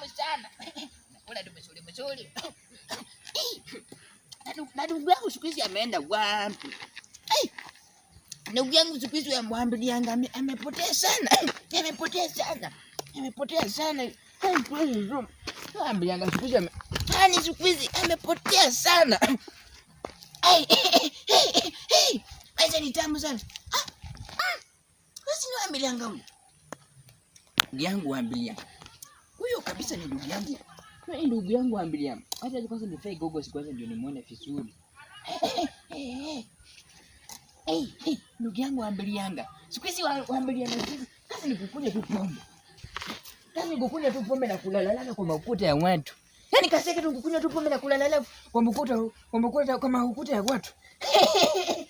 tamu sana. Nakula tu mzuri mzuri. Na ndugu yangu siku hizi ameenda wapi? Ndugu yangu siku hizi amwambia amwambilianga amepotea sana. Amepotea sana. Amepotea sana. Ambilianga siku hizi yani siku hizi amepotea sana. Aise ni tamu sana. Ah. Ah. Wewe si niambilianga huyo. Ndugu yangu ambilianga. Huyo kabisa ni ndugu yangu. Ni ndugu yangu ambiliam. Hata kwanza nifai gogo siku kwanza ndio nimuone vizuri. hey, ndugu yangu ambilianga. Siku hizi waambiliana sisi. Kazi ni kukunywa tu pombe. Kazi ni kukunywa tu pombe na kulala kwa makuta ya watu. Yaani kazi yake tu kukunywa tu pombe na kulala kwa makuta kwa makuta kama ukuta ya watu.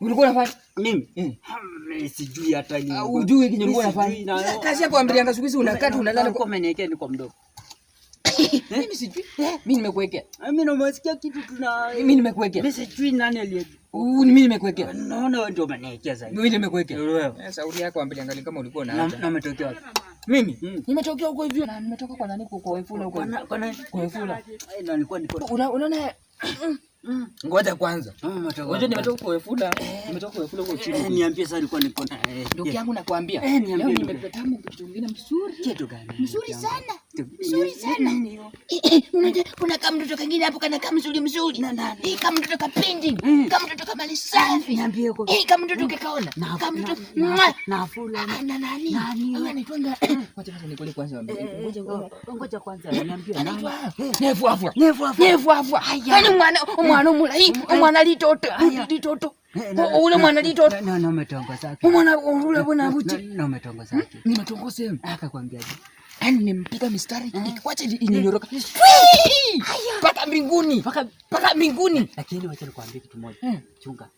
Ulikuwa unafanya mimi? Mimi sijui hata nini. Ah, hujui kinyo ulikuwa unafanya. Kazi yako ambilianga siku hizi unakata unadhani kwa umeniwekea niko mdogo. Mimi sijui. Eh? Eh, mimi nimekuwekea. Eh, mimi nimesikia kitu tuna Mimi nimekuwekea. Mimi sijui nani aliyejua. Huu mimi nimekuwekea. Naona wewe ndio umeniwekea zaidi. Mimi nimekuwekea. Wewe. Sauti yako ambilianga ni kama ulikuwa unaacha. Na umetokea wapi? Mimi mm. nimetokea huko hivyo na nimetoka kwa nani? Kwa Wefula huko. Kwa Wefula. Unaona Mm. Ngoja kwanza. Mm, Ngoja nimetoka kwa kuwefuna. Eh. Nimetoka kwa kuwefuna huko chini. Eh, niambie sasa alikuwa niko na. Eh, ndugu yangu nakwambia. Eh, niambie. Leo nimepata kitu kingine mzuri. Kitu gani? Mzuri sana mzuri yaani sana. Kuna kama mtoto kingine hapo kana kama mzuri mzuri, Na nani? Hii eh, kama mtoto kapindi, mm. kama mtoto kama lisafi, eh, kama mtoto mm. kikaona, kama mtoto na nafula ah, na nani Nani? twanga. Wacha kwanza kwanza. ngoja ngoja. Ngoja kwanza eh, niambie nani, Nevu Nevu Nevu nevuafua Haya. yani mwana mwana mula hii. mwana litoto litoto ule mwana litoto umetongoza, mwana ule bwana buti, umetongoza, nimetongoza akakwambia yani nimepita mistari ikwache inyoroka mpaka mbinguni mpaka mbinguni. Lakini wacha nikwambie kitu moja, hmm. chunga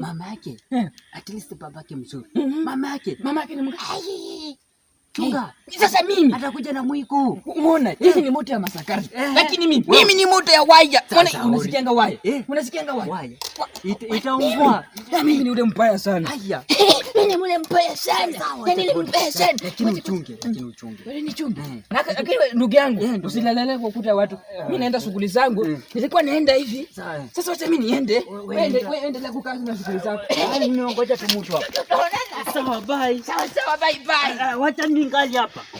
mama yake, hmm. at least baba yake mzuri, hmm. mama yake mama yake ni Chunga. Eh, sasa mimi atakuja na mwiko. Umeona? Eh. Hizi ni moto ya masakari. Eh. Lakini mimi mimi ni moto ya waya. Unaona unasikianga waya? Unasikianga waya? Itaungua. Mimi ni ule mbaya sana. Haya. Mimi ni ule mbaya sana. Mimi ni mbaya sana. Lakini uchunge, lakini uchunge. Wewe ni chunge. Na lakini ndugu yangu, usilalale kwa kuta watu. Mimi naenda shughuli zangu. Nilikuwa naenda hivi. Sasa wacha mimi niende. Wewe endelea kukaa na shughuli zako. Mimi ngoja tumutu hapa. Sawa, bye. Sawa sawa, bye bye. Wacha ningali hapa.